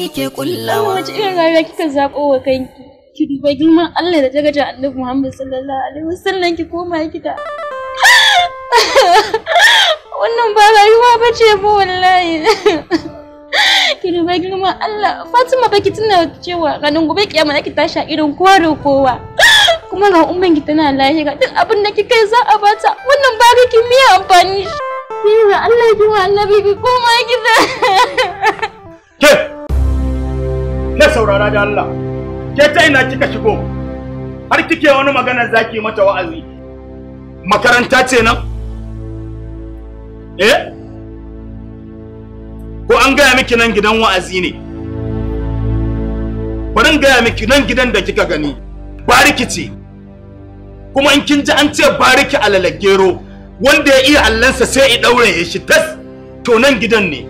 ni ke kullawa wace irin rayuwa kika zaɓo wa kanki ki duba girman Allah da darajar Annabi Muhammad sallallahu alaihi wasallam ki koma kika. wannan ba rayuwa bace ba wallahi ki duba girman Allah Fatima ba ki tuna cewa ranar gobe kiyama ki tashi a irin kowa da kowa kuma ga umman ki tana lahira duk abin da kika za a bata wannan ba ki miya amfani shi Allah ki wa annabi ki koma kika. na saurara da Allah ke ta ina kika shigo har kike wani magana zaki mata wa'azi makaranta ce nan eh ko an gaya miki nan gidan wa'azi ne bari gaya miki nan gidan da kika gani bariki ce kuma in kin ji an ce bariki alalagero wanda ya iya allansa sai ya daure ya shi tas to nan gidan ne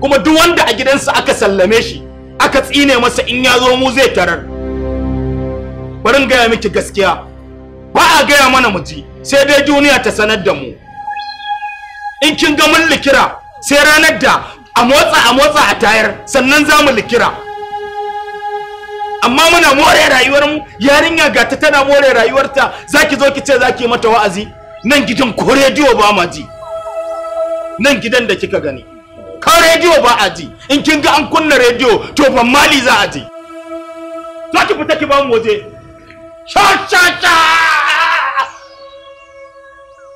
kuma duk wanda a gidansa aka sallame shi aka tsine masa in ya zo mu zai tarar barin gaya miki gaskiya ba a gaya mana muji sai dai duniya ta sanar da mu in kin ga mun likira sai ranar da a motsa a motsa a tayar sannan za mu likira amma muna more rayuwar mu yarinya ga ta tana more rayuwarta zaki zo ki ce zaki mata wa'azi nan gidan ko rediyo ba ma ji nan gidan da kika gani rediyo ba a ji in kin ga an kunna rediyo to ban mali za a ji za ki fita ki ba mu waje cha cha cha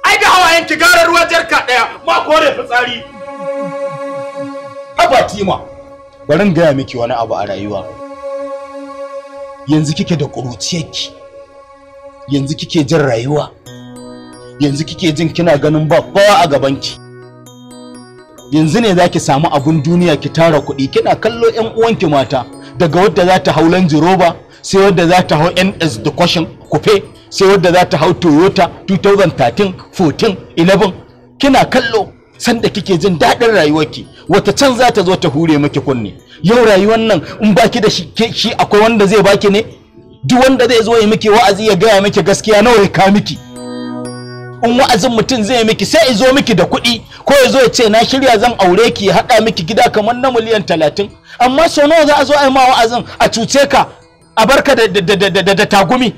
ai da hawayen ki gara ruwa jarka daya ma kore fitsari haba tima bari gaya miki wani abu a rayuwa yanzu kike da ƙuruciyarki yanzu kike jin rayuwa yanzu kike jin kina ganin ba kowa a gabanki yanzu ne za ki samu abun duniya ki tara kuɗi kina kallo 'yan uwanki mata daga wadda za ta hau lanji roba sai wadda za ta hau ns da kwashin kufe sai wadda za ta hau toyota 2013 14 11 kina kallo sanda kike jin daɗin rayuwarki wata can za ta zo ta hure miki kunne yau rayuwar nan in baki da shi akwai wanda zai baki ne duk wanda zai zo ya miki wa'azi ya gaya miki gaskiya nawa ya ka miki in wa'azin mutum zai miki sai izo miki da kuɗi ko ya zo ya ce na shirya zan aure ki ya haɗa miki gida kamar na miliyan talatin amma sau nawa za a zo a yi ma wa'azin a cuce ka a barka da tagumi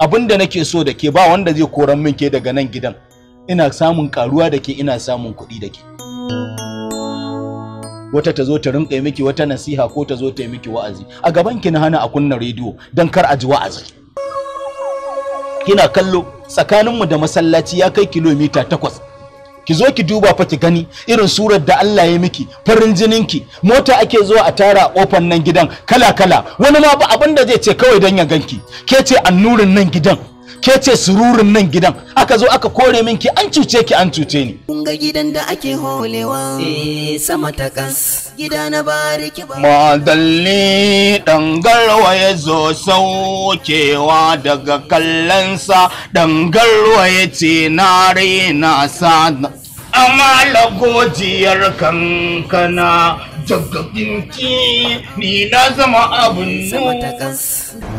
abin da nake so da ke ba wanda zai koran min ke daga nan gidan ina samun karuwa da ke ina samun kuɗi da ke wata ta zo ta rinƙa miki wata nasiha ko ta zo ta yi miki wa'azi a gaban ki na hana a kunna rediyo don kar a ji wa'azi kina kallo tsakaninmu da masallaci ya kai kilomita takwas ki zo ki duba fa ki gani irin surar da Allah ya miki farin jininki mota ake zuwa a tara kofar nan gidan kala kala wani ma ba abin da zai ce kawai dan ya ganki ke ce annurin nan gidan ke ce sururin nan gidan aka zo aka kore min ki an cuce ki an cuce ni Kunga ga gidan da ake holewa eh sama ta kas gida na bariki ba madalli dangarwa ya zo saukewa daga kallonsa dangarwa ya ce na raina sa amma kankana ki ni na zama abin nuna